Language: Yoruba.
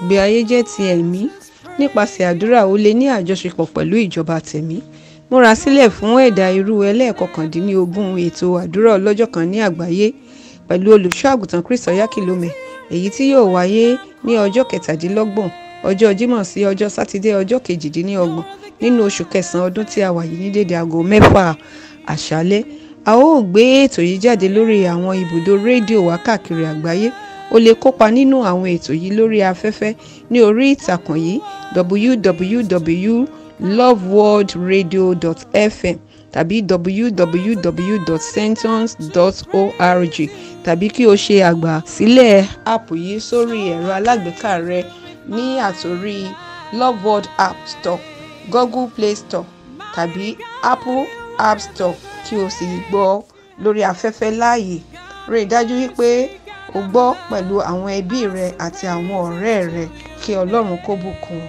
ìgbé ayé jẹ́ ti ẹ̀mí nípasẹ̀ àdúrà ó lè ní àjọṣepọ̀ pẹ̀lú ìjọba tẹ̀mí múra sílẹ̀ fún ẹ̀dà irú ẹlẹ́ẹ̀kọkàndínlógún ètò àdúrà ọlọ́jọ́ kan ní àgbáyé pẹ̀lú olùṣọ́ àgùntàn kristo yakilome èyí tí yóò wáyé ní ọjọ́ kẹtàdínlọ́gbọ̀n ọjọ́ jímọ̀ sí ọjọ́ sátidé ọjọ́ kejìdínlọ́gbọ̀n nínú oṣù kẹsàn-án ọdún tí a wà yìí ní dédé aago mẹ́fà àṣálẹ́ a ó gbé ètò yìí jáde lórí àwọn ibùdó rédíò wa àgbáyé o lè kópa nínú àwọn ètò yìí lórí afẹ́fẹ́ ní orí ìtàkùn yìí www.loveworldradio.fm tàbí www.sentence.org tàbí kí o ṣe àgbàsílẹ̀ áàpù yìí sórí ẹ̀rọ alágbèéká rẹ ní àtòrí loveworld app store google play store tàbí apple app store kí o sì gbọ́ lórí afẹ́fẹ́ láàyè rí i dájú wípé o gbọ́ pẹ̀lú àwọn ẹbí rẹ àti àwọn ọ̀rẹ́ rẹ kí Ọlọ́run kó bùkún